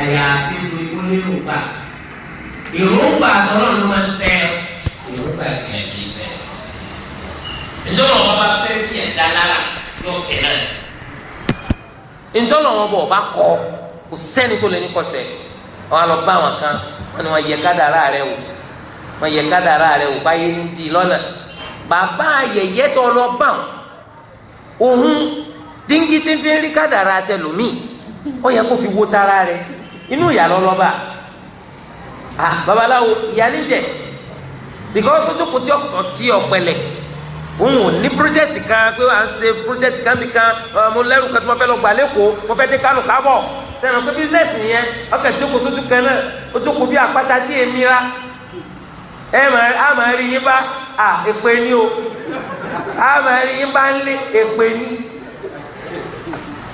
àyàfi nítorí ó lérò gbà èròǹgbà àtọ́lọ́ ló máa ń sẹ́ èròǹgbà ìfìyà kì í sẹ́ ìjọba wọn bá fẹ́ kí ẹ̀dá lára yọ sí náà ìjọba wọn bọ̀ bá kọ kò sẹ́ni tó lè ní kọsẹ̀ wọn lọ bá wọn kan wọn ni wọn yẹ kádàrá rẹ wò wọn yẹ kádàrá rẹ wò báyé ní di lọ́nà bàbá ayẹyẹ tó lọ bá wọn òun díngí tí ń fi rí kádàrá tẹlómi ó yẹ kó fi wo tara rẹ. inú ìyá lọ́lọ́ba ah babaláwo ìyá níjẹ because ojú kò tí ọkọ tí ọpẹlẹ òun ò ní project kan pé project kan bí kan mo lẹ́rù kan tí mo fẹ́ lọ gbà lẹ́kọ̀ọ́ mo fẹ́ dé kánò kábọ̀ sẹ́nu pé business yẹn tí kò kan náà ó kò bí àpáta tí èmi ra ẹ máa rí yín bá èpè o a máa rí yín bá ń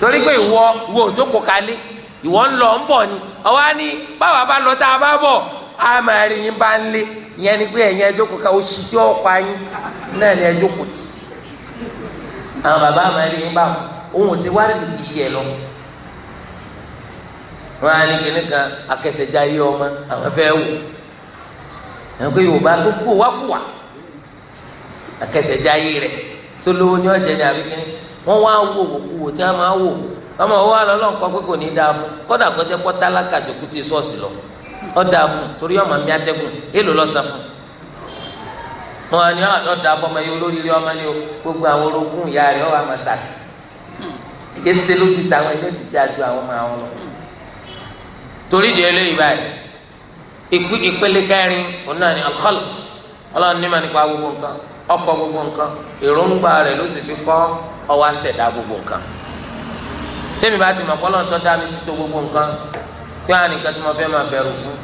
torí pé ìwọ ìwọ kò ìwọ ń lọ ń bọ̀ ni ọwọ́ á ní báwa bá lọ tá a bá bọ̀ á máa rí bá ń lé ìyẹn ni pé ẹ̀yin ẹjọ́ kò ká oṣù tí pa yín náà ni ẹjọ́ kò tì àwọn bàbá máa rí bá òun ò sí wárìsì bíi tiẹ̀ lọ wọn á ní kíní kan yé ọmọ àwọn fẹ́ wò pé Yorùbá gbogbo ọmọ wa lọ́lọ́ nǹkan pé kò ní í dáa fún kódà kọjá pọ́ tálákà jòkú ti sọ́ọ̀sì lọ ọ́ dáa fún torí ọmọ mi atẹ́gùn èlò lọ́sàn fún wọn á ní ah, ọ́ dáa fún ọmọ yìí olóríire ọmọ ni o gbogbo àwọn orogún ìyá rẹ̀ ọ́ wà máa sàṣì kése lójú táwọn ẹni ó ti dáa ju àwọn ọmọ àwọn lọ torí di eléyìí báyìí ìpín ìpele kẹrin òun náà ni alkhal ọlọ́run ní ma nípa gbogbo nǹkan ọkọ̀ gbogbo nǹkan èròǹgbà rẹ̀ ló sì fi kọ́ ọwọ́ tẹ́mi bá ti mọ̀ kọ́ lọ́n tó dá mi títò gbogbo nǹkan kí wọ́n á nìkan tí mo fẹ́ máa bẹ̀rù fún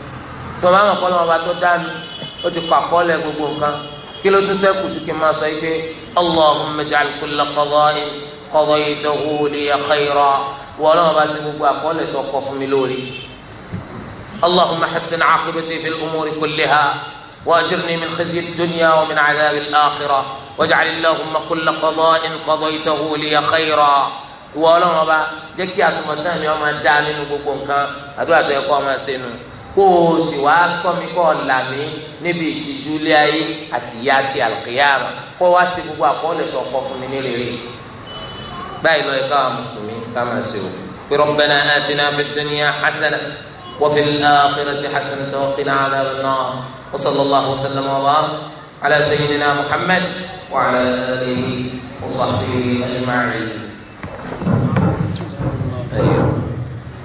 tí wọ́n bá mọ̀ kọ́ lọ́n ọba tó dá mi ó ti kọ́ àkọọ́lẹ̀ gbogbo nǹkan kí ló tún sẹ́kù ju kí n máa sọ yìí pé Allahumma ij'al kulla qada'in qadaytahu li khayra wọ́n lọ́n ọba sí gbogbo àkọọ́lẹ̀ tó kọ fún mi lórí. Allahumma hassin 'aqibati fil umuri kulliha وأجرني من خزي الدنيا ومن عذاب الآخرة واجعل اللهم كل قضاء قضيته لي خيرا ìwọ ọlọ́run ọba jẹ́ kí àtúmọ̀tán mi ọmọ dá nínú gbogbo nǹkan àdúrà tó yẹ kó ọmọ ṣe nu kó o sì wá sọ mi kó o là mí níbi ìtìjú ilé ayé àti ìyà àti àlùkìyàmù kó o wá sí gbogbo àkọọ́lẹ̀ tó kọ fún mi ní rere báyìí lọ́ọ́ ẹ̀ka mùsùlùmí ká máa ṣe o pé rabbana atina fid dunya hasana wa fil akhirati hasanatan wa qina adhaban nar wa sallallahu wa sallam wa barak ala sayyidina muhammad wa ala alihi wa sahbihi ajma'in.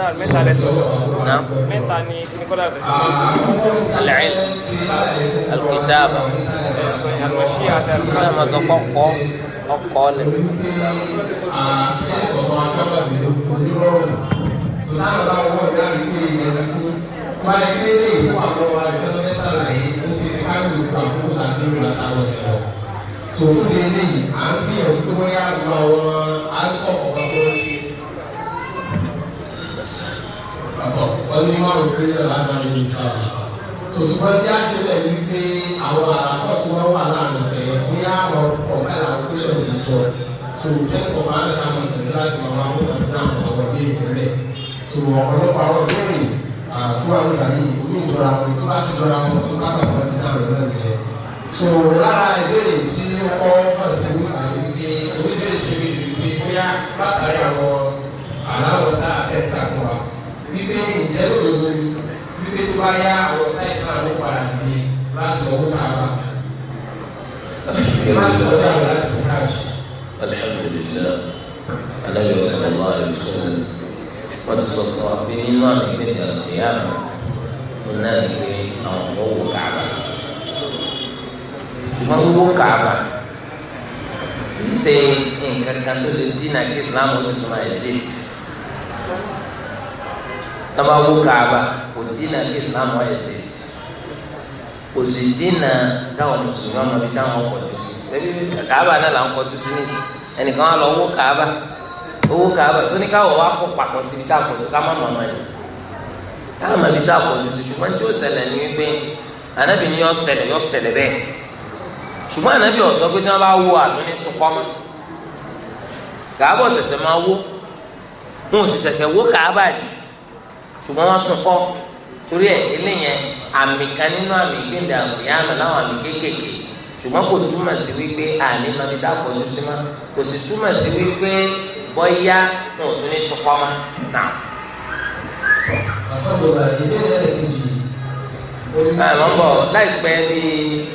kọ́dàr mẹ́ta lẹ́sọ̀ náà mẹ́ta ni kíni kọ́dàr lẹ́sọ̀ náà sọ. alẹ́ẹ̀l alukitaaba. ẹ̀sọ̀ àlùmọ̀ṣí àti alukitaaba. ọ̀nà màsán kọ́kọ́ ọkọ lẹ̀. Sòwò lè léyìn, à ń gbìyànjú tó bóyá lọ àwọn akọ̀kọ̀ àtọ̀ wọ́n ní máa ń gbé lágbára ní ìkàwé. Sòṣùpọ̀ tí a ṣe lẹ̀ ní pé àwọn àràkọ́ tí wọ́n wà láàrin sẹ̀yẹ fún yá àwọn ọkọ̀ mẹ́ta àwọn pẹ̀sẹ̀ ìjọ. So kẹ́kọ̀ọ́ máa ń ta àwọn ìtẹ̀lẹ́ láti máa wá fún àwọn náà àwọn bí ìfẹ́lẹ̀. So ọ̀pọ̀lọpọ̀ àwọn ìbéèrè tó wà nísàlẹ̀ yìí ní ìjọra wọn tó bá ti jọra wọn tó bá kàkọ́ sí náà lọ́dọ̀ الحمد لله النبي صلى الله عليه وسلم وتصفى بن الله من القيامة هنالك أمرو كعبة أمرو كعبة يسأل إن كان كنتو لدينك إسلام وزيتو ما يزيست sábà wó kaaba kò dínà kí islam wà exist kò sì dínà táwọn mùsùlùmí ọmọ bíi táwọn kọjú sí ṣebí kaaba náà là ń kọjú sí nísì ẹnìkan wà lọ wó kaaba owó kaaba sóní káwọ wà kó papọ̀ síbi tá a kọjú ká má màmá ni ká má bi tá a kọjú sí ṣùgbọ́n tí ó ṣẹlẹ̀ ní wípé anabi ni yọ ṣẹlẹ̀ yọ ṣẹlẹ̀ bẹ́ẹ̀ ṣùgbọ́n anabi ọ̀sọ́ pé tí wọ́n bá wó àtúní tún kọ́ mọ́ kaaba ọ̀sẹ̀sẹ̀ máa wó ṣùgbọ́n wọ́n tún kọ́ torí ẹ̀ eléyẹn àmì kan nínú àmì gbẹ̀ndẹ̀ àmì láwọn àmì kéékèèké ṣùgbọ́n kò túmọ̀ sí wípé àní máa fi dá sí ma kò sì túmọ̀ sí wípé bọ́yá náà tún ní tún ma nà. àmọ́ bọ̀ láìpẹ́ bíi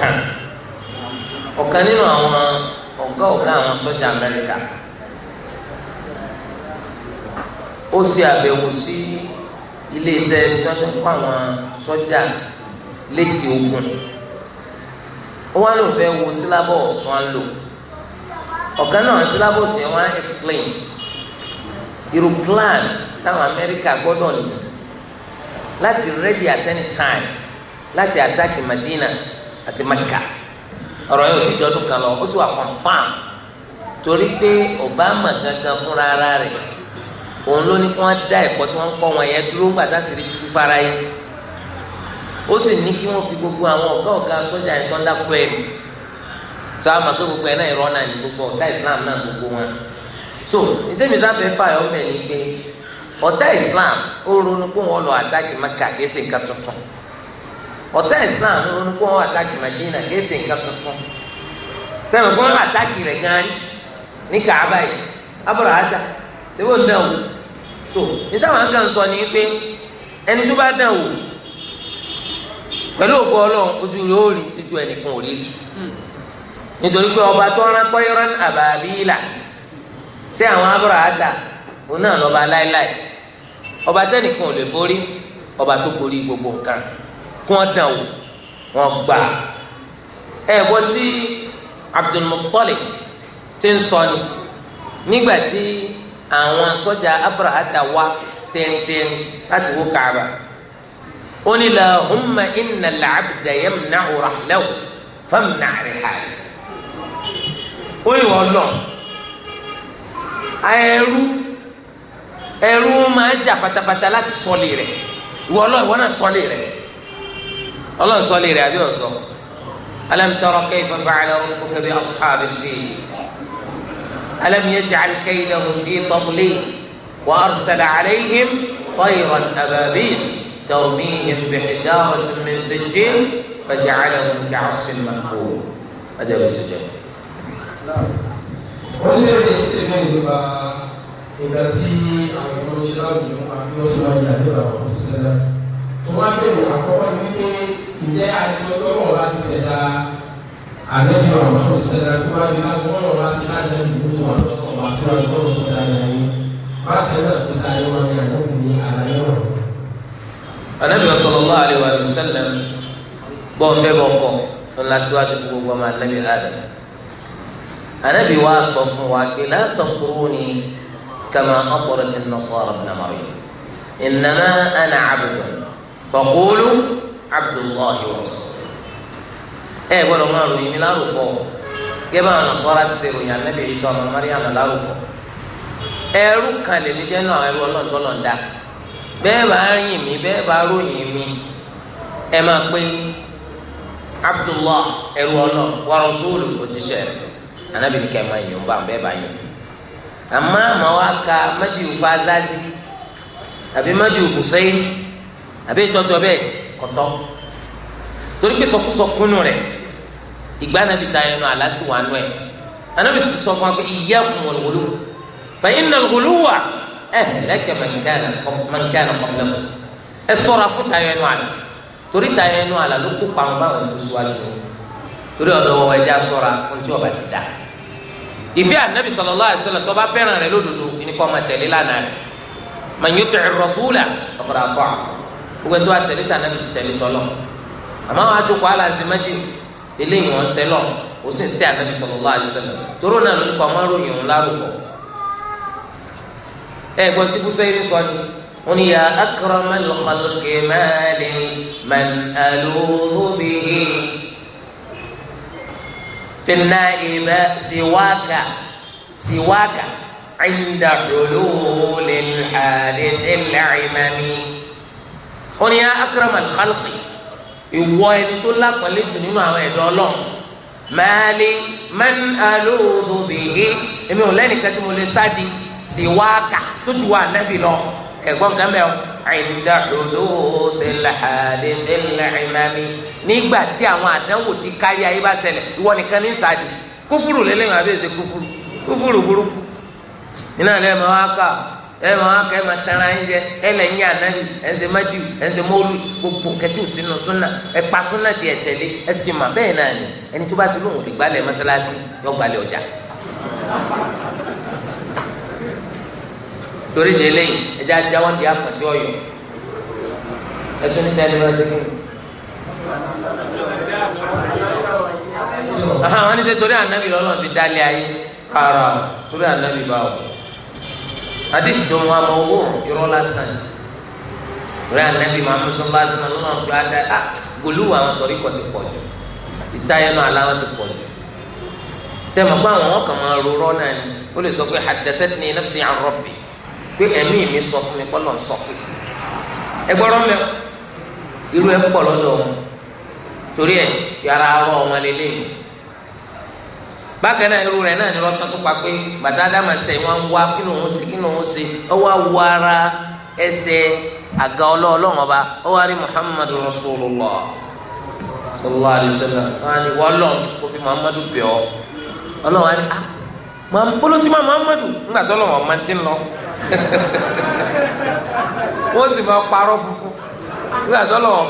kan ọ̀kan nínú àwọn ọ̀gá ọ̀gá àwọn ó ṣe àbẹ̀wò sí iléeṣẹ́ ibi tí wọ́n ti ń kó àwọn sọ́jà létí ogun ó wá lóun fẹ́ wo syllabus tó ń lò ọ̀kan náà syllabus yẹn wá explain irú plan táwọn Amẹ́ríkà gbọ́dọ̀ ní láti ready at any time láti attack Madina àti Maka ọ̀rọ̀ yẹn ò ti dọ́dún kan lọ ó sì wà confam torí pé Obama gangan fúnra ara rẹ̀ òun ló ní kí wọ́n dá ẹ̀kọ́ tí wọ́n ń kọ́ wọn yẹn dúró gbàtà sí rí fara ó sì ní kí fi gbogbo àwọn ọka ọ̀gá sọ́jà yẹn sọ́ndà kọ́ ẹ̀mí sọ àmà pé gbogbo náà náà ní Islam náà gbogbo wọn so ìtẹ́mi pé Islam ó ronú pé wọ́n lọ àtàkì Maka tuntun Islam ó ronú pé wọ́n àtàkì Madina kìí tuntun sẹ́mi pé àtàkì rẹ̀ gan-an ní ṣé wọ́n dàn wò so ní táwọn kan sọ ni pé ẹni tó bá dàn wò pẹ̀lú ògbọ́ ọlọ́run ojú rẹ̀ ó rí títú ẹnìkan ò rí rí nítorí pé ọba tó rán tọ́yọ́rán àbàbílà ṣé àwọn abúrò àtà òun náà lọ́ba láéláé ọba tẹ́nìkan ò lè borí ọba tó borí gbogbo nǹkan kí wọ́n dàn wò wọ́n gbà ẹ̀ wọ́n ti Abdul ti ń sọ ni nígbà tí àwọn sọ́jà abrahata wa tẹ̀rìntẹ̀rìn láti wó kaaba ó ní lahumma inna al-abda yamna'u rahlahu famna' rihalahu ó ní wọ́n lọ ẹrú ẹrú máa ń jà pátápátá láti sọ́lé rẹ̀ ìwọ lọ ìwọ náà sọ́lé rẹ̀ ọlọ́run sọ́lé rẹ̀ àbí ọ̀sọ́ alam tara kayfa fa'ala rabbuka bi ashabil fil. ألم يجعل كيدهم في تضليل وأرسل عليهم طيرا أبابيل ترميهم بحجارة من سجيل فجعلهم كعصف مأكول أدب سجاد wọ́n lè ní sí ilé ìjọba ìgbà sí àwọn ìlú ṣíláàbù àti ọ̀ṣọ́lá ìyá àti ìlà ọ̀hún ṣẹlẹ̀ tó wá bẹ̀rù àkọ́kọ́ ní pé ìjẹ́ àti ọjọ́ bọ̀ láti ṣẹ̀dá àlejò ọ̀rọ̀ náà ṣẹlẹ̀ tó wájú láti wọ́n yọ̀ láti láti ẹni tó wà lọ́kọ̀ wá sí ọjọ́ òṣù dáadáa yìí bákan náà ti sáré wọn ní àlejò ní àlàyé ọ̀rọ̀. Ànábì sallallahu alaihi wa sallam bọ́ọ̀ fẹ́ bọ́ kọ́ ńlá síwájú fún gbogbo ọmọ Ànábì Adam Ànábì wa sọ fún wa pé la taqturuni kama aqrat an-nasara ibn Maryam ana abdun faqulu abdullahi wa rasuluhu ẹ gbọ́dọ̀ máa ròyìn mi lárúfọ gẹ́gẹ́ bá àwọn sọ́ra ti ṣe ròyìn anábì Ìsá ọmọ Maryam lárúfọ ẹrú kan lè mi jẹ́ náà ẹrú ọlọ́ọ̀tọ́ lọ́ọ̀dá bẹ́ẹ̀ bá rìn mí bẹ́ẹ̀ bá ròyìn ẹ máa pé Abdullah ẹrú anábì ní kẹ́ẹ̀ máa yàn bá bẹ́ẹ̀ bá yàn àmọ́ àmọ́ wa ka àbí àbí bẹ́ẹ̀ torí pé rẹ̀ ìgbà anabi ta ẹnu àlá sí wà nù ẹ anabi sì sọ fún wa pé iyyakum wal ghuluw fa innal ghuluwa ahlaka man kana qablakum ẹ ṣọ́ra fún ta ẹnu àlá torí ta ẹnu àlá ló kó pàmò báwọn tó síwájú o torí ọ̀dọ̀ wọn ẹja ṣọ́ra fún tí ọba ti dá ìfẹ́ anabi sallallahu alaihi wasallam tó bá fẹ́ràn rẹ̀ lódodo ẹni kọ́ ọmọ tẹ̀lé lánàá rẹ̀ man yuti'ir rasula faqad ata'a gbogbo ẹni tó bá tẹ̀lé tà anabi ti tẹ̀lé tọ́lọ́ eléyìí wọn sẹlọ ó sì ń sẹ anabi sallallahu alaihi wasallam toró náà ló ní kọ ọmọ ròyìn òun lárúfọ ẹ gbọ́n tí bùsọ yìí sọ ni wọn ni ya akramal khalqi mali man aludhu bihi finaiba siwaka siwaka inda hululil hadithil imami wọn ni ya akramal khalqi ìwọ ẹni tó lápọ̀nlé jù nínú àwọn ẹ̀dọ́ ọlọ́run mẹ́ẹ́lí mẹ́ni alóòdò bèè èmi ò lẹ́nìkan tí mo lè sáàdì sí wáàkà tó ju wà nábì lọ ẹ̀gbọ́n kan bẹ́ẹ̀ ẹ̀ǹdà òdòdó ṣẹlẹ̀hàdẹ́dẹ́lẹ́rìnàmí nígbà tí àwọn àdánwò ti kárí ayé bá ṣẹlẹ̀ ìwọ nìkan ní sáàdì kúfúrú lélẹ́yìn àbẹ́sẹ̀ kúfúrú kúfúrú burúkú iná lẹ́ẹ̀mọ́ wáàkà ẹ máa kẹ ẹ máa tẹ̀ra ẹ jẹ ẹ lẹ̀ ń yẹ ànábì ẹ ń ṣe mẹ́jù ẹ ń ṣe mọ́ọ̀lù gbogbo kẹtí ò sínú súnà ẹ pa súnà tí ẹ tẹ̀lé ẹ sì ti mà bẹ́ẹ̀ náà ni ẹni tó bá ti lóun ò lè gbálẹ̀ mọ́sálásí yọ gbálẹ̀ ọjà. torí de eléyìí ẹja jáwọ́ di àpótí ọ̀yọ́ ẹ tún ní sẹ́ni wá sí kíni. àwọn ní sẹ́ torí ànábì lọ́lọ́ ti dálé ayé rárá torí ànábì báwo hadith tó mu àmọ́ owó irọ́ lásán rẹ anabi muhammed sọlá sọlá ló máa fi adá a gòlúwà àwọn torí kọ ti pọ̀ jù ìtayẹnu aláwọ̀ ti pọ̀ jù tẹ́lẹ̀ mọ̀ pé àwọn ọkàn máa rorọ́ náà ni ó lè sọ pé haddathatni nafsi an rabbi pé ẹ̀mí mi sọ fún mi kọ́lọ̀ ń sọ pé ẹgbọ́rọ́ mẹ́ irú ẹ̀ pọ̀ lọ́dọ̀ wọn torí ẹ̀ yàrá arọ́ wọn lélẹ́yìn bákan náà irú rẹ̀ náà ni lọ́tọ́ tó pa pé bàtà dáma sẹ̀ wá kí ṣe kí ṣe ara ẹsẹ̀ àga ọlọ́ọ̀lọ́hún ọba ó wá muhammadu rasulullah sallallahu alayhi wa sallam wọn ni kó fi muhammadu bẹ̀ ọ ọlọ́run ah muhammadu ńgbà tó lọ́wọ́ ọmọ ń lọ wọ́n sì máa parọ́ tó lọ́wọ́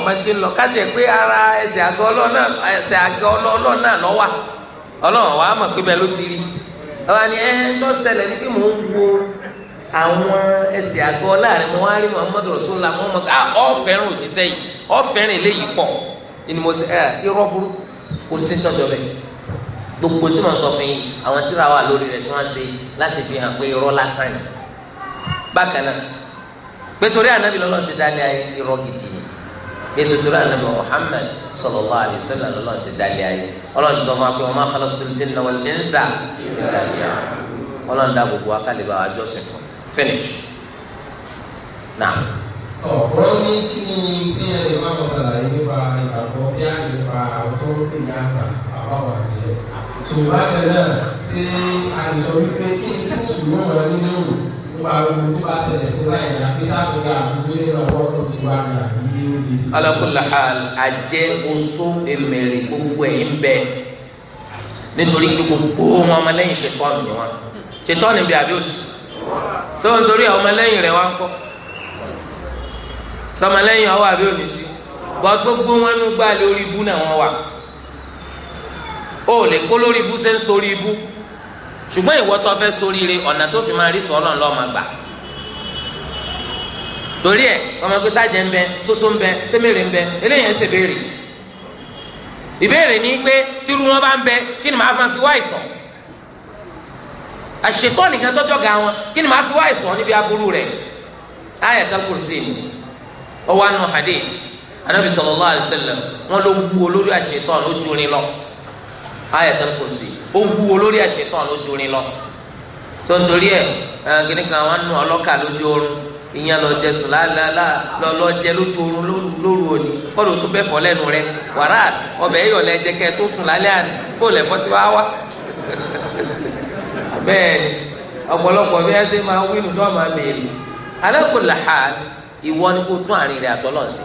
ọmọ ọlọ́run wàá mọ̀ pé bẹ́ẹ̀ ló ti rí ọba ni ẹ tó ṣẹlẹ̀ ni pé mò ń wo àwọn ẹsẹ̀ àgọ́ láàrin mo wá rí muhammadu rasulullah mo mọ̀ ká ọ fẹ́ràn òjíṣẹ́ yìí ọ fẹ́ràn eléyìí pọ̀ ni mo ṣe ẹ eh, irọ́ burúkú kò sí tọ́jọ́ bẹ́ẹ̀ gbogbo tí mo sọ fún yín àwọn tíra wà lórí rẹ̀ tí wọ́n ṣe láti fi hàn pé irọ́ lásán ni bákan náà pé ànábì lọ́lọ́ sí ayé irọ́ gidi ni yéésù tó rà nàbẹ muhammed sallallahu alayhi wa sallam lọlọrun sì dalẹ ayé Ọlọ́run ti sọ fún wa pé wa ma khalaqtul jinna wal insa illa liya'budun Ọlọ́run dá gbogbo akálẹ bá wa jọ́sìn fún finish now. ọ̀pọ̀ ní kí ni sí ẹ̀rọ máa mọ̀ sàlàyé nípa ìgbàgbọ́ bí a lè fa àwọn tó ní àgbà àbáwọ̀ àjẹ́ ṣùgbọ́n bákan náà ṣé àìsàn wípé kí n tún sùn mọ́ wọn nínú ìlú alakulahal ajẹ oṣù emèrè gbogbo ẹ̀ ń bẹ nítorí pé gbogbo wọn ọmọlẹ́yìn ṣetán ni wọn ṣetán ni bí abíọ́sù tó ń torí ọmọlẹ́yìn rẹ̀ wá ń kọ́ sọmọlẹ́yìn ọwọ́ abíọ́sù sí wọ́n gbogbo wọn nú gbà lórí ibú náà wọ́n wà ó lè kó lórí ibú ṣe ń sórí ibú ṣùgbọ́n ìwọ tó fẹ́ ṣoríire ọ̀nà tó fi máa rí sọ ọlọ́run lọ́ọ́ máa gbà torí ẹ ọmọ ẹgbẹ́ sájẹ ń bẹ soso ń bẹ sẹmẹrẹ ń bẹ eléyìí ń ṣèbéèrè ìbéèrè ni pé tírú wọn bá ń bẹ kí ni màá fi wá ìsàn àṣetọ́ nìkan tọ́jọ́ ga wọn kí ni màá fi wá ìsàn níbi aburú rẹ̀ ayatul kursi ọwọ́ àánú hadith anabi sallallahu alaihi wasallam wọn ló wú olórí àṣetọ́ lójú orin lọ ayatul kursi ó wúwo lórí àṣetán lójú orin lọ tó ń torí ẹ kíni kan wọn nù ọlọ́kà lójú oorun ìyẹn lọ jẹ sùn lálálá lọ lọ jẹ lójú oorun lóru òní kọ́dọ̀ tó bẹ́ẹ̀ fọ́ lẹ́nu rẹ wàràs ọbẹ̀ yìí ọ̀lẹ́ jẹ kẹ́ ẹ tó sùn lálẹ́ àná kó lẹ̀ fọ́ tí wàá wá bẹ́ẹ̀ ni ọ̀pọ̀lọpọ̀ bí ẹ ṣe máa wí nù tó máa mèrè alákòlà ha ìwọ ni kó tún àárín rẹ àtọ́lọ́ ṣe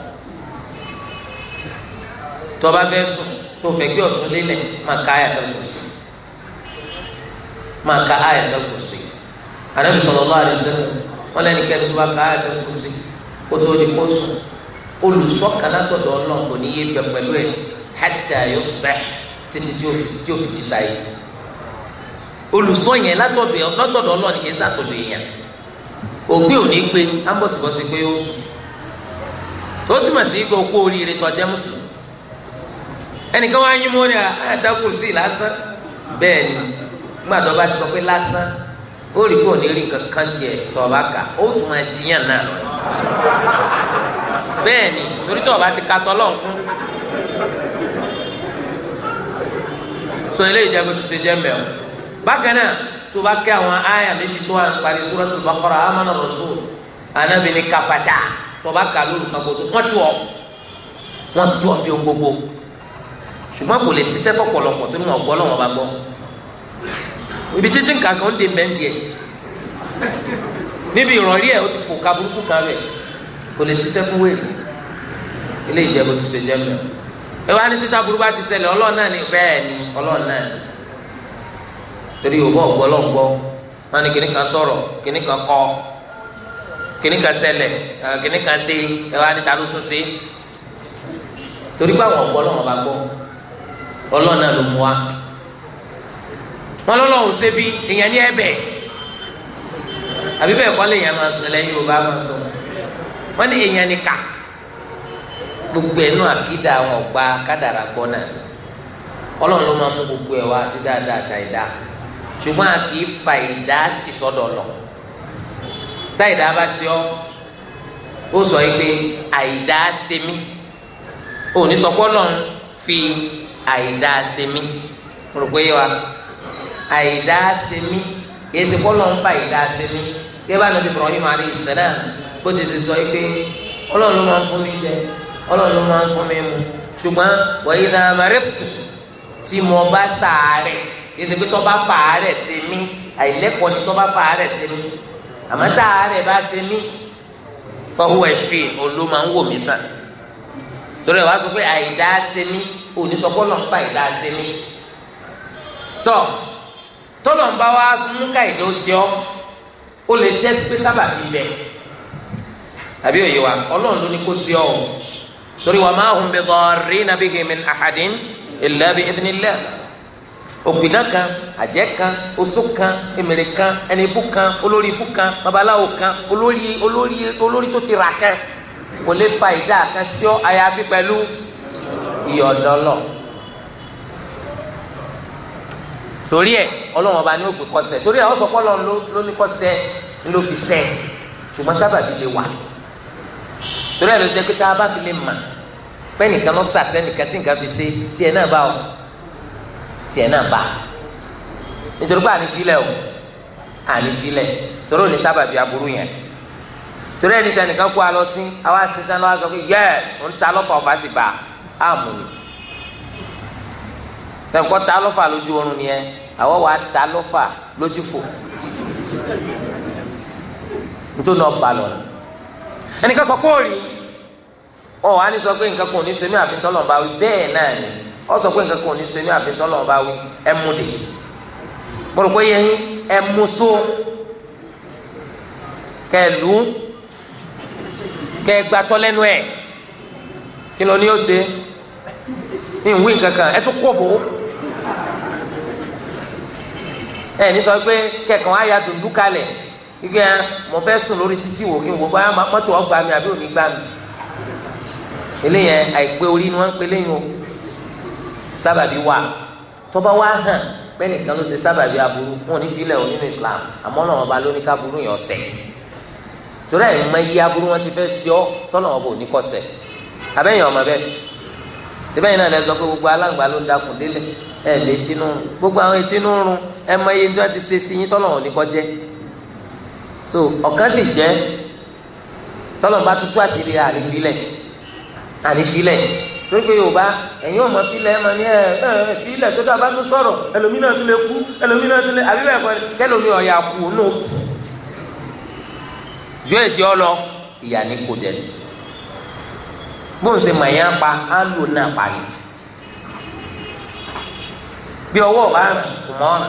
tó fẹ́ sùn tó fẹ́ gbé ọ̀tún lélẹ̀ máa ká àyàtọ̀ lọ sí i. máa ka ayatul kursi anabi sallallahu alaihi wasallam wọn lẹni tó bá ka ayatul kursi kó tó di kó sùn olùsọkànlátọdọ Ọlọ́run kò ní yé bẹ pẹ̀lú ẹ hatta yusbih títí tí ó fi ti sáyé olùsọ yẹn látọ̀dọ̀ kì í sàtọ̀dọ̀ èèyàn gbé ambọ̀sibọ̀sì sùn tó túmọ̀ sí oríire tó mùsùlùmí ẹnìkan yín mọ́ ni nígbà tó bá ti sọ pé lásán ó rí kò ní rí kankan tiẹ̀ tó o bá kà ó tún máa jiyàn náà lọ. bẹ́ẹ̀ ni torí tó o bá ti ka tọ́ lọ́nkún. so eléyìí jẹ́ bó ti ṣe jẹ́ mẹ́wọ́ bákan náà tó bá kẹ́ àwọn àyà méjì tó wà ń parí Suratul Baqara amana rasul anabi ni kafata tó bá kà lóru kan gbòtò wọ́n tù ọ́ wọ́n tù ọ́ bí ohun gbogbo ṣùgbọ́n kò lè ṣiṣẹ́ fọ́pọ̀lọpọ̀ tó ní wọn gbọ́ lọ́wọ́ bá gbọ́ ibi títí nǹkan kan ń de mẹ́ndì ẹ̀ níbi ìrọ̀lẹ́ ẹ̀ ó ti fò ká burúkú kan rẹ̀ kò lè ṣiṣẹ́ fún wèrè ilé ìjẹ́bù tó ṣe jẹ́ mẹ́rin ẹ wá ní síta burú bá ti ṣẹlẹ̀ ọlọ́run náà ni bẹ́ẹ̀ ni ọlọ́run náà ni torí yòówó ọ̀gbọ́ ọlọ́run gbọ́ wọn ni kìnnìkan sọ̀rọ̀ kìnnìkan kọ́ kìnnìkan ṣẹlẹ̀ kìnnìkan ṣe ẹ wá ní ta ló tún ṣe torí pé ọ̀gbọ́ ọlọ́run bá gbọ́ ọlọ́run náà ló mú wa wọn lọ́lọ́ ò ṣe bí èèyàn ní ẹ̀bẹ̀ àbí bẹ́ẹ̀ kọ́ lèèyàn máa sọ lẹ́yìn yorùbá máa sọ wọn ní èèyàn ní ká gbogbo ẹnu àkídà àwọn ọgbà kádàrà gbọ́ náà ọlọ́run ló máa mú gbogbo ẹ̀ wá àti dáadáa àti àìdá ṣùgbọ́n a kì í fa ìdá tì sọ́dọ̀ lọ tá ìdá bá ṣe ọ́ ó sọ yìí pé àìdá ṣe mí òní sọ pé fi àìdá ṣe mí mo rò pé àìdáàsẹmí èsì kọ́ ló ń fa àìdáàsẹmí gẹ́gẹ́ bá nàbí Ibrahim alayhi salam bó ti ṣe sọ yìí pé ọlọ́run ló máa ń fún mi jẹ ọlọ́run ló máa ń fún mi mu ṣùgbọ́n wa idha maridtu tí mo bá ṣàárẹ̀ èsì pé tó bá fa àárẹ̀ sí mi àìlẹ́kọ̀ọ́ ni tó bá fa àárẹ̀ sí mi àmọ́ tá àárẹ̀ bá ṣe mí fahuwa yashfi òun máa ń wò mí sàn torí wàá sọ pé àìdá ṣe ní sọ pé ọlọ́run fa àìdá tọ́ tọ́lọ̀ ń bá wa mú ká ìdó sí ọ ó lè jẹ́ pé sábà bí bẹ́ àbí òye wa ọlọ́run ló ní kó sí ọ o torí wa ma hum bidarrina bihi min ahadin illa bi idhnillah ògbìnà kan àjẹ́ kan oṣó kan èmèrè kan ẹni ibú kan olórí ibú kan babaláwo kan olórí olórí olórí tó ti rà kan kò lè fa ìdá kan sí ọ àyàfi pẹ̀lú ìyọ̀dọ́lọ̀ torí ẹ̀ ọlọ́run ọba ni ó gbé kọsẹ̀ torí àwọn sọ̀kọ́ lọ́n ló ní kọsẹ̀ ló fi sẹ́ ṣùgbọ́n sábàbí lè wà torí ẹ̀ ló jẹ́ pé tá a bá fi lè mà pẹ́ nìkan ló sàṣẹ́ nìkan tí nǹkan fi ṣe tiẹ̀ náà bá o tiẹ̀ náà bá nítorí pé àní filẹ̀ o àní filẹ̀ torí ò ní sábàbí aburú yẹn torí ẹ̀ ní sẹ́nìkan kó a lọ sí àwa ṣetán lọ́wọ́ sọ pé yẹ́s ń ta lọ́fà ọ̀fà sì bá a sẹ́nìkan ta lọ́fà lójú oorun ni àwọn wàá ta lọ́fà lójúfò nítorí ọba lọ ẹnìkan sọ pé ọ ní sọ pé nǹkan kan ò ní ṣe mí àfihàn tọ́lọ̀ bá wí bẹ́ẹ̀ náà ni ọ sọ pé nǹkan kan ò ní mí àfihàn tọ́lọ̀ bá wí ẹ mú de mo rò pé yẹn ẹ mú so kẹ lù ú ẹ ní sọ pé kẹkàn á ya dundun kalẹ̀ ike ẹ mo fẹ́ sùn lórí títí wò kí n wò báyà mọ́tò ọgbà mi àbí òní gbà mi eléyẹn àìpé orí ni wọ́n ń pè léyìn o sábàbí wà tọ́ba wa, hàn pẹ́nìkan ló ṣe sábàbí aburú wọn ò ní filẹ̀ o nínú Islam àmọ́ náà ọba ló ní ká burú yẹn ọ̀sẹ̀ torí ẹ̀ mọ iye aburú wọn ti fẹ́ sí ọ tọ́nà ọba ò ní abẹ́yìn ọmọ bẹ́ẹ̀ tẹ́bẹ́yìn náà lẹ sọ pé gbogbo aláǹgbá ló ń dakùn délé ẹ lè tinú run gbogbo àwọn etinú run ẹ mọ iye tí wọ́n ti ṣe sí yín tọ́lọ́run ní kọjẹ́ so ọ̀kan sì jẹ́ tọ́lọ́run bá tutù àṣírí àrífilẹ̀ àrífilẹ̀ torí pé yorùbá ẹ̀yin ò mọ filẹ̀ ẹ̀ mọ ní ẹ̀ ẹ̀ filẹ̀ tó dáa bá tún sọ̀rọ̀ ẹlòmínà tún lè kú ẹlòmínà tún lè àbí bẹ́ẹ̀ kọ́ kẹlòmí ọ̀yà kù ó náà kù jọ èjì ọlọ ìyá ní kò jẹ bóun ṣe mọ̀ ẹ̀yà pa á lò náà pa bí ọwọ́ bá kò mọ́ ọ̀nà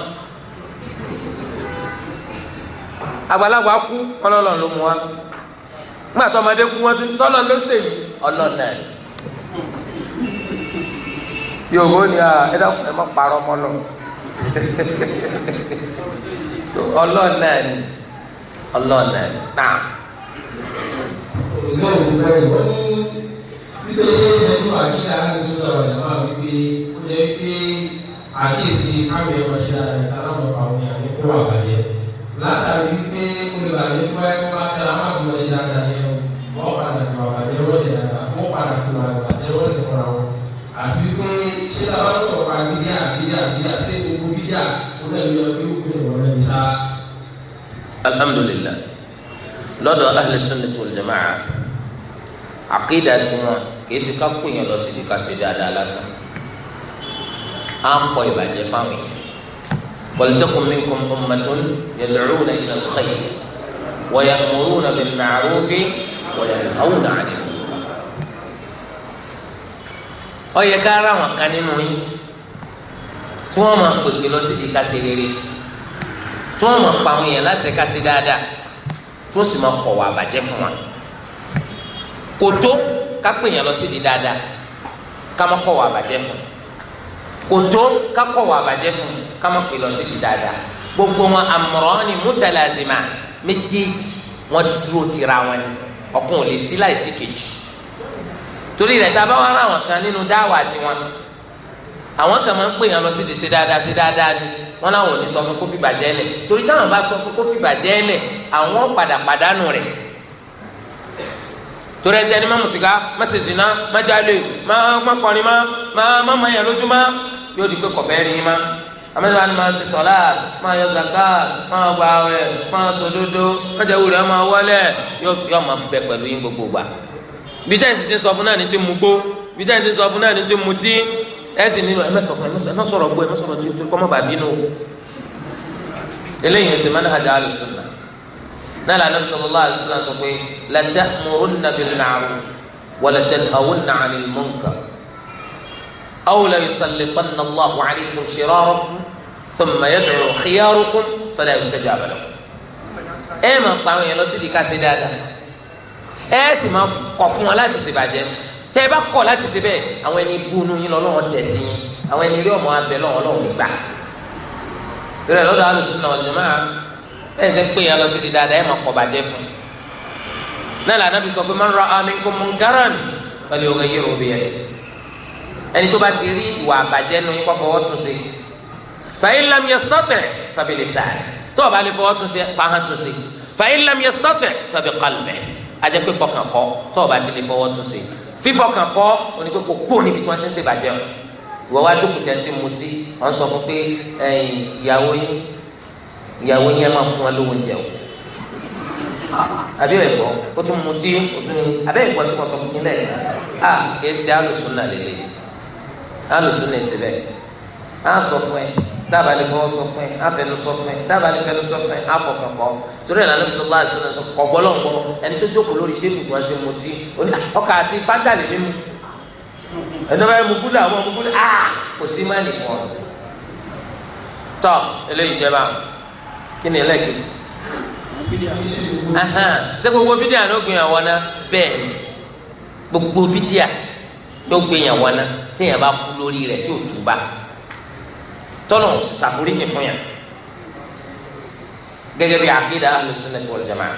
àgbàlagbà kú ọlọ́lọ́ ló mú wa nígbà tó ọmọdé kú wọn tún sọlọ ló ṣe yìí ọlọ́nà ẹ̀ yòówó ni ẹ dákun ẹ má parọ́ mọ́ lọ ọlọ́nà ẹ̀ ọlọ́nà ẹ̀ náà. ìgbà wo ni wọ́n ní bí ó ṣe ń bẹ̀rù àkíyà àti ìṣúná ọ̀nà máa wípé ó jẹ́ pé àkíyèsí káwé ẹ̀rọ ṣe dára ní aláwọ̀ àwọn èèyàn ní kó wà bàjẹ́ látàrí wípé olùbàjẹ́ tó wáyé tó bá tẹ́lá má fi lọ ṣe dáadáa ní padà tó wà bàjẹ́ dàgbà wọ́n padà tó wà bàjẹ́ wọ́n wọn àti wípé ṣé làwọn sọ̀rọ̀ pa gíga gíga gíga sí gbogbo gíga wọ́n lè yọ bí wọ́n lè wọ́n lè sá. alhamdulillah lọ́dọ̀ ahli sunnati wal jamaa àkídà tiwọn kì í ṣe ká kó yẹn lọ sí ìdíkàṣe dáadáa lásán á kọ ìbàjẹ́ fáwọn èèyàn walitakun minkum ummatun yad'una ila al-khayr wa ya'muruna bil ma'rufi wa yanhauna 'anil munkar ó yẹ ká ara wọn kan nínú yín tí wọn máa pèpè lọ di ká ṣe rere tí wọn máa pa àwọn èèyàn láṣẹ ká ṣe dáadáa tí wọn sì máa kọ̀ wá àbàjẹ́ fún wa kò tó ká pè yàn lọ di dáadáa ká má kọ̀ wá àbàjẹ́ fún wa kò tó kakọ̀ wà bàjẹ́ kama pè lọ síbi dáadáa gbogbo wọn amrani mutalazima méjèèjì wọn dúró tira wọn ni ọ̀kan ò lè sí láìsí kejì torí rẹ̀ tá a bá wọn ra àwọn kan nínú dáwà tiwọn àwọn kan máa ń pè yàn lọ síbi ṣe dáadáa ṣe dáadáa ni wọn làwọn ò ní sọ fún kó fi bàjẹ́ lẹ̀ torí táwọn bá sọ fún kó bàjẹ́ lẹ̀ àwọn padà pàdánù rẹ̀ torí ẹtẹ ni má mú má ṣe má jalè má má kọrin má má má má yàn lójú má yóò di pé kọfẹ rí yín má ni máa ṣe sọlá máa yọ zakat máa gba àwẹ̀ máa sọdodo mẹjẹ wúri ẹ máa wọlé yóò máa bẹ pẹ̀lú yín gbogbo gbà bíjà ẹsìn ti sọ fún náà ní ti mú gbó bíjà ẹsìn ti sọ fún náà ní ti mú tí ẹsìn nínú ẹ mẹsọkàn ẹ mẹsọ̀rọ̀ gbó ẹ mẹsọ̀rọ̀ tí o tó kọ́ mọ́ bàbí nù eléyìí ẹsẹ mẹnahàjà alùsùnà náà lànà bisalòlá alùsùnà sọ pé làtà mùrùnà bìnnà àrùn أو يسلطن الله عليكم شراركم ثم يدعو خياركم فلا يستجاب لكم ẹ máa pa àwọn èèyàn lọ sídìí ká ṣe dáadáa ẹ sì máa kọ̀ fún wọn láti ṣe bàjẹ́ tẹ ẹ bá kọ̀ láti ṣe bẹ́ẹ̀ àwọn ẹni búnú yín lọ lọ́wọ́ dẹ̀ sí yín àwọn ẹni rí ọmọ abẹ lọ́wọ́ lọ́wọ́ gbà rẹ lọ́dọ̀ alùsùn náà ọ̀dùnmá ẹ̀ ṣe ń yẹn lọ sídìí dáadáa ẹ máa kọ̀ bàjẹ́ fún un náà lànà bí sọ pé man ra'a minkum munkaran falyughayyiru biyadihi ẹni tó bá ti rí ìwà àbàjẹ́ nu yín kó fọwọ́ tún ṣe fàyín lam yẹ sọtẹ fàbí lisani tó o bá lè fọwọ́ tún ṣe fàhán tún ṣe fàyín lam yẹ sọtẹ fàbí qalbi ajẹ́ pé fọkàn kọ́ tó o bá ti lè fọwọ́ tún ṣe fífọkàn kọ́ oníkókó kó níbi tí wọ́n ti ń ṣe bàjẹ́ o ìwọ wá jókòó tẹ́ ti mutí wọ́n sọ fún pé ìyàwó yín ìyàwó yín ẹ máa fún wọn lówó oúnjẹ o àbẹ́wò ẹ̀kọ́ ó tún mutí ó tún àbẹ́wò ẹ̀kọ́ tí wọ́n sọ fún yín lẹ́yìn ah kèé ṣe alùsùn náà lélẹ́yìn alùsùn lè ṣe bẹ́ẹ̀ a sọ fún ẹ dábàá lè fọwọ́ sọ fún ẹ àfẹnú sọ fún ẹ dábàá lè fẹnú sọ fún ẹ àfọkàn kọ torí ẹ̀la níbi sọlá ìṣẹ̀lẹ̀ sọ kọ̀gbọ́lọ́ngbọ́ ẹni tó jókòó lórí téèmù tó wá ti mu tí ah, ọkà àti fájà lè mímu ẹni bá yẹ mu gúdà ọmọ mu gúdà áà ah, kò sí má nì fún ọ. tọ́ eléyìí jẹba kí ni ẹlẹ́ẹ̀kejì ṣé gbogbo bídíà ló gbìyànjú wọn náà bẹ́ẹ̀ gbogbo bídíà tó gbéyàn wọná téèyàn bá kú lórí rẹ̀ tí ò túbà tọ́nà ṣàforíjì fún yàn gẹ́gẹ́ bí àkídà ahlùsùnàtì wal jamaa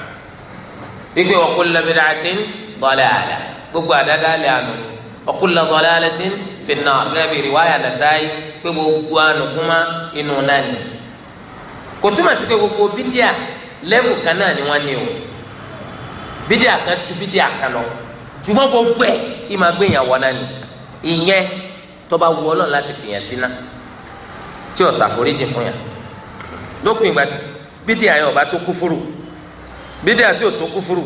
gbígbé wa kullu bid'atin dalaala gbogbo àdáda lè àná ni wa kullu dalaalatin fi an-naar gẹ́gẹ́ bí riwaya Nasaa'i pé gbogbo ànùkúmá inú náà kò túmọ̀ sí pé gbogbo bídíà lẹ́vù kan náà ni wọ́n ní o bídíà kan ju bídíà kan lọ ṣùgbọ́n gbogbo ẹ̀ ì máa gbé ìyàwó náà ni ìyẹn tó bá wu ọlọ́run láti fìyàn sí náà tí ọ̀sà foríjì fún yàn lópin ìgbà tí bídí àyàn ọba tó kú fúrú bídí àti òtó kú fúrú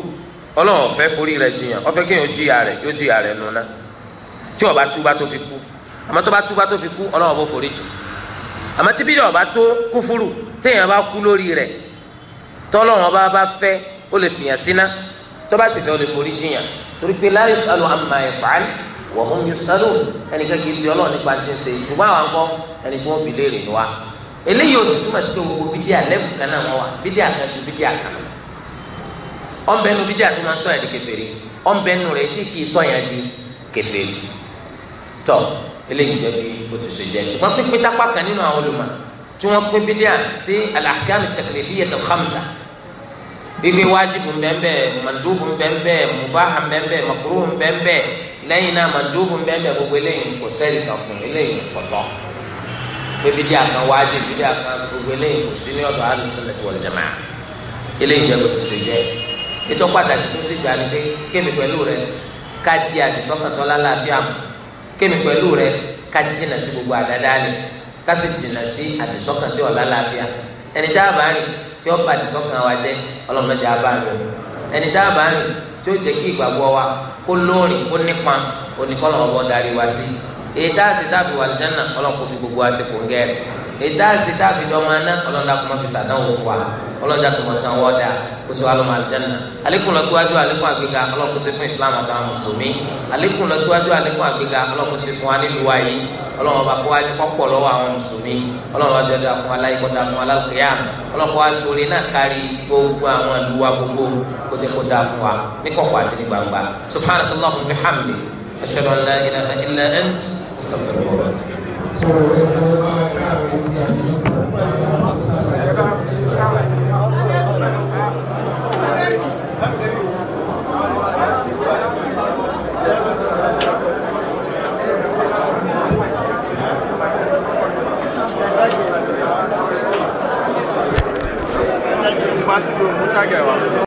ọlọ́run ọ̀fẹ́ forí rẹ̀ jiyàn ọ̀fẹ́ kí yóò jìyà rẹ̀ yóò jìyà rẹ̀ nù náà tí ọba túbá tó fi kú àmọ́ tó bá túbá tó fi kú ọlọ́run ọba foríjì àmọ́ tí bídí ọba tó kú fúrú téèyàn bá kú lórí rẹ̀ tọ́lọ́run ọba bá fẹ́ ó lè fìyàn síná tó bá sì fẹ́ ó lè forí jiyàn torí pé la yusalu amma yaf'al wa hum yusalu ẹnìkan kì í bi ọlọ́run nípa ti ń ṣe ṣùgbọ́n àwọn akọ ẹni tí wọ́n bi léèrè ni wa eléyìí oṣù túmọ̀ sí pé gbogbo bídíà lẹ́fù kan náà wọ́n wà bídíà kan ju bídíà kan lọ ọ̀nbẹ́nu bídíà tó máa ń sọ yẹn di ọ̀nbẹ́nu rẹ̀ tí kì í sọ yẹn di kèfèrí tọ́ eléyìí jẹ́ bí o ti ṣe jẹ́ ṣùgbọ́n pínpín tápá kan nínú àwọn olùmọ̀ tí wọ́n pín bídíà sí al-ahkam at-taklifiyya gbígbé wájibu bẹ́ẹ̀nbẹ́ mandubu bẹ́ẹ̀nbẹ́ mubaha bẹ́ẹ̀nbẹ́ makuruhu bẹ́ẹ̀nbẹ́ lẹ́yìn náà mandubu bẹ́ẹ̀nbẹ́ gbogbo eléyìí kò sẹ́ẹ̀lì kan fún eléyìí kò tọ́ bíbí díà kan wájibu díà kan gbogbo eléyìí kò sí ní ọ̀dọ̀ alùsùnmẹ̀tì wal jamaa eléyìí jẹ́ kó ti ṣe jẹ́ ètò pàtàkì tó ṣe jáde pé kémi pẹ̀lú rẹ ká di àdìsọ́kàtọ́ lálàáfíà mu ẹni tá a bá rìn tí ó bàtì sọ́kàn wa jẹ́ ọlọ́run mẹ́ta a bá rìn ẹni tá a bá rìn tí ó jẹ́ kí ìgbàgbọ́ wa kó lóòrìn kó nípa oníkọ́lọ́wọ́ darí wa sí èyí tá a sì tá a fi wà lìjánà ọlọ́run gbogbo wa sí kò ń gẹ́rẹ́ ètà àṣetà àfidọ́mọ aná ọlọ́dà kò má fi sàdánwò fún wa ọlọ́dà tó mọ̀ tán wọ́n dà kó sọ alọ́ máa jẹ́nà alẹ́kùn lọ́síwájú alẹ́kùn àgbéga ọlọ́kùn sí fún Islam àtàwọn mùsùlùmí alẹ́kùn lọ́síwájú alẹ́kùn àgbéga ọlọ́kùn sí fún wa nílùú wa ọlọ́wọ́n bá kó wájú kọ́pọ̀ lọ́wọ́ àwọn mùsùlùmí ọlọ́wọ́n wájú ọdá fún wa gbogbo